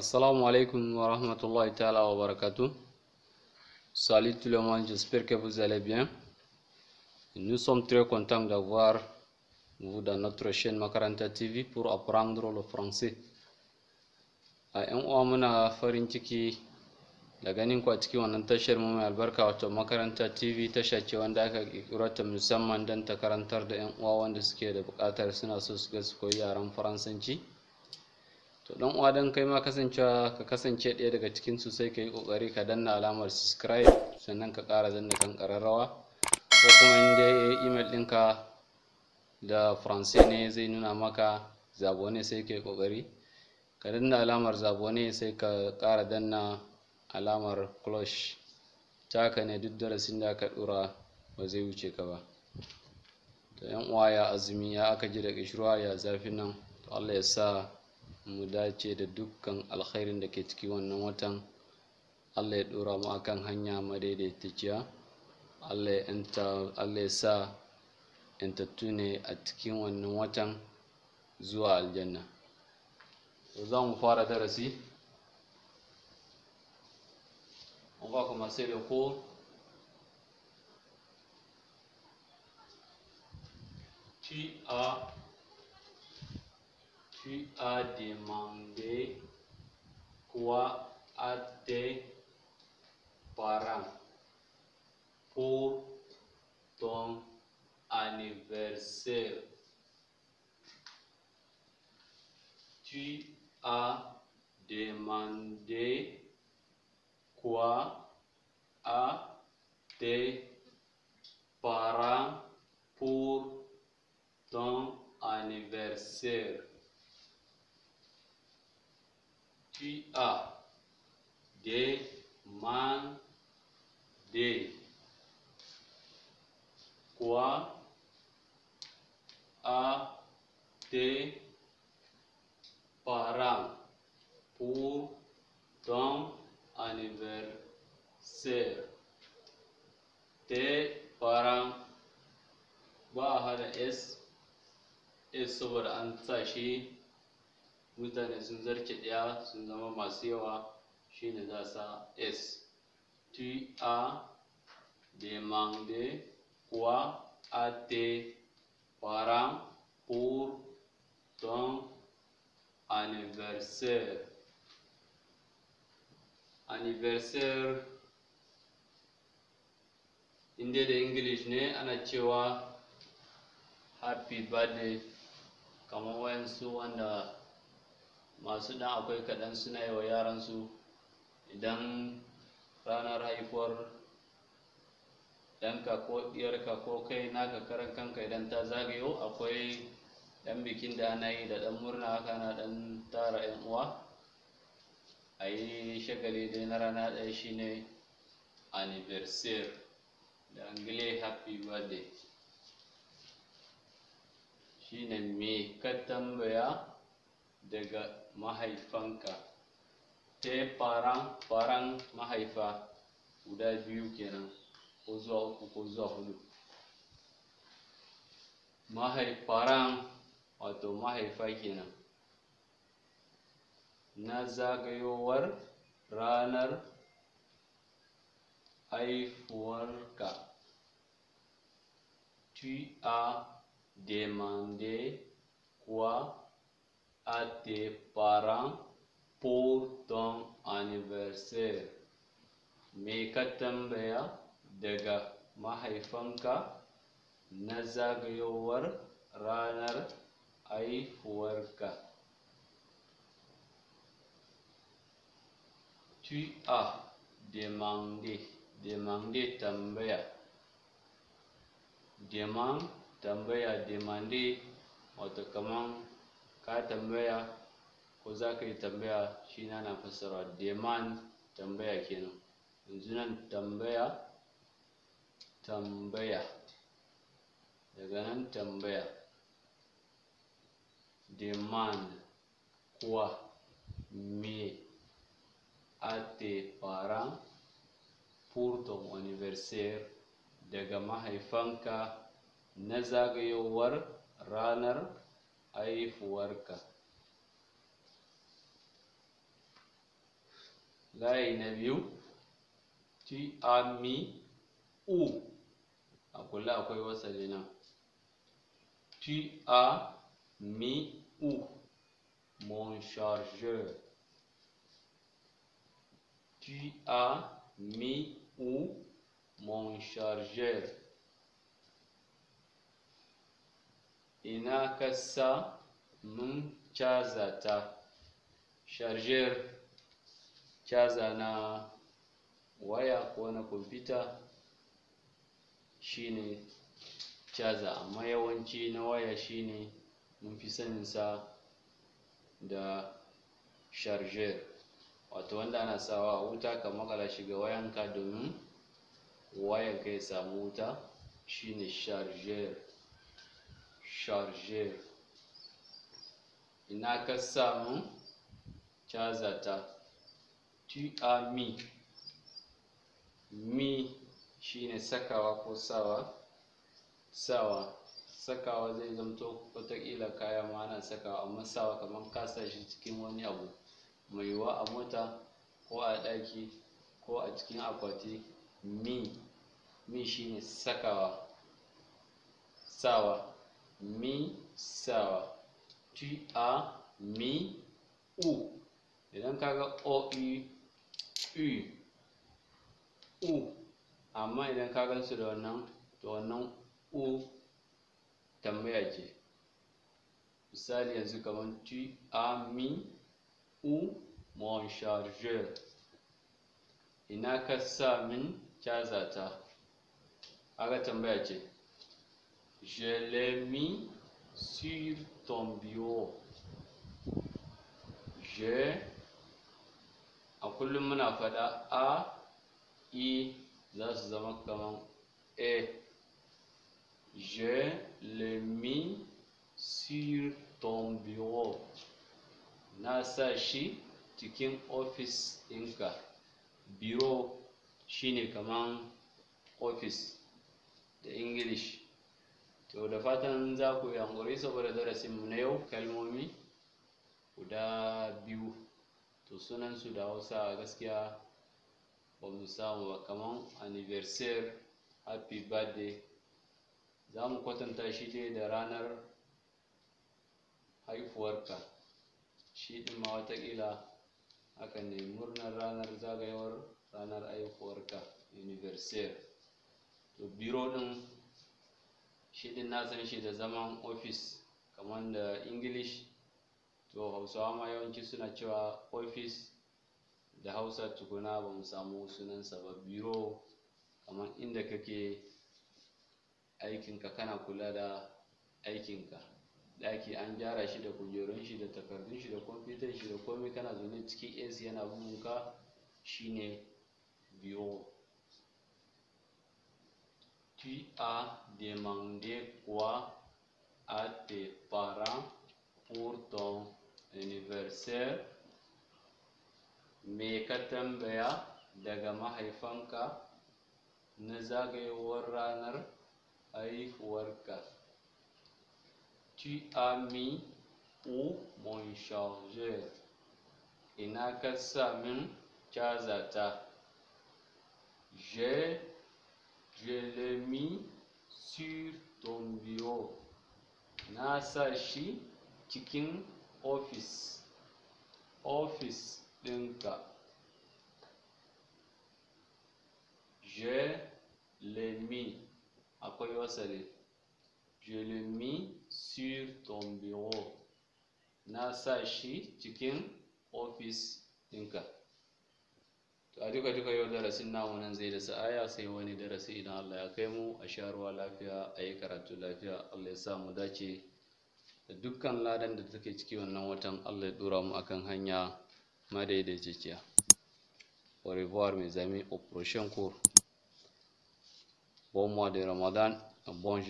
Assalamu alaikum wa rahmatullahi ta'ala wa barakatuh. Salut tout le monde, j'espère que vous allez bien. Nous sommes très contents d'avoir vous dans notre chaîne Macaranta TV pour apprendre le français. A ah, ‘yan uwa muna farin ciki da ganin ku a cikin wannan tashar mu mai albarka wato Makaranta TV tasha ce wanda aka ƙirƙiro ta musamman dan ta karantar da ‘yan uwa wanda suke da buƙatar suna so su ga su koyi yaren Faransanci. to dan uwa dan kai ma kasancewa ka kasance ɗaya daga cikin su sai ka yi ƙoƙari ka danna alamar subscribe sannan ka ƙara zanna kan ƙararrawa ko kuma in dai email ɗinka da faransai ne zai nuna maka ne sai ka yi ƙoƙari ka danna alamar ne sai ka ƙara danna alamar cloche ta haka ne duk darasin da aka ɗora ba zai wuce ka ba to yan uwa ya azumi ya aka ji da ƙishirwa ya zafi nan to Allah ya sa mu dace da dukkan alkhairin da ke ciki wannan watan allah ya ɗora mu akan hanya madaidaitaciya allah ya sa yantattu ne a cikin wannan watan zuwa aljanna za mu fara darasi ba kuma sai da ko Ci a. Tu as demandé quoi à tes parents pour ton anniversaire. Tu as demandé quoi à tes parents pour ton anniversaire. shi'a de man de quoi a te parents pour ton anniversaire tes parents ba hada s s saboda an sa mutane sun zarce ɗaya sun zama masu yawa shine za sa s tu a demandé quoi a te parents pour ton anniversaire anniversaire inda da english ne ana cewa happy birthday kamar wayansu wanda masu dan akwai kaɗan suna yi wa yaransu idan ranar haifuwar ɗanka ko ɗiyarka ko kai naka karan kanka idan ta zagayo akwai ɗan bikin da ana yi da ɗan murna haka na ɗan tara 'yan uwa a yi shagali dai na rana ɗaya shine anniversaire da angle happy birthday shine me ka tambaya daga mahaifanka te paran paran mahaifa guda biyu kenan ko zuwa uku ko zuwa hudu mahaifaran wato mahaifa kenan na zagayowar ranar haifuwarka tu a demande kuwa até para pour ton anniversaire me ka tambaya daga mahaifanka na zagayowar ranar haihuwarka tu as demandé demandé tambaya demand tambaya demandé wato kaman ka tambaya ko za ka yi tambaya shi na na fassara demand tambaya kenan yanzu nan tambaya tambaya daga nan tambaya demand kuwa me a te parents ton daga mahaifanka na zagayowar ranar haihuwarka layi na biyu ti ami e u a kula akwai wasali na ti a mi e u mon chargeur tu e as mis où mon chargeur ina ka sa mun caza ta charger caza na waya ko na kwamfuta shine caza amma yawanci na waya shine mun fi sa da charger wato wanda ana sawa a wuta ka makala shiga wayanka domin wayanka ya samu wuta shine charger charger ina ka samu caza ta tu a mi mi shine sakawa ko sawa sawa sakawa zai zamto wataƙila kaya ma sakawa amma sawa kamar kasa shi cikin wani abu mai wa a mota ko a ɗaki ko a cikin akwati mi mi shine sakawa sawa Mi misawa tu a mi u idan ga o u u u amma idan ka su da wannan to wannan u tambaya ce misali yanzu kamar tu a mi u mon chargeur ina ka sa min caza ta aga tambaya ce Je l'ai mis sur ton bureau. Je a kullum muna faɗa a i za su zama kamar e je l'ai mis sur ton bureau na sa shi cikin ofis ɗinka biro shine kaman ofis da ingilishi to da fatan za ku yi saboda darasin na yau kalmomi guda biyu to sunansu da hausa gaskiya ba mu samu ba kaman anniversary happy birthday za mu kwatanta shi dai da ranar haifuwarka shi ɗin ma watakila haka ne murnar ranar zagayewar ranar haifuwarka anniversary to biro ɗin shi din na san shi da zaman ofis kamar da english to hausawa ma yawanci suna cewa ofis da hausa tukuna ba mu samu sunansa ba biro kamar inda kake aikinka kana kula da aikinka ɗaki an gyara shi da kujerun shi da takardun shi da kwamfutan shi da komai kana zaune cikin ac yana bugunka shine biro Tu as demandé quoi à tes parents pour ton anniversaire? Me Katambea Dagama daga mahaifanka na zagayowar ranar Tu as mis où mon chargeur? et ka J'ai je l'ai mis sur ton bureau na sa shi cikin ofis ofis ɗinka je l'ai mis akwai wasare je l'ai mis sur ton bureau na sa shi cikin ofis ɗinka Ka a duka duka yau darasin namu nan zai da sa'aya sai wani darasi idan Allah ya kai mu a sha lafiya a yi karatu lafiya Allah ya sa mu dace da dukkan ladan da take ciki wannan watan Allah ya dora mu akan hanya madaidaiciya au revoir mes amis au prochain cours bon mois de Ramadan un bon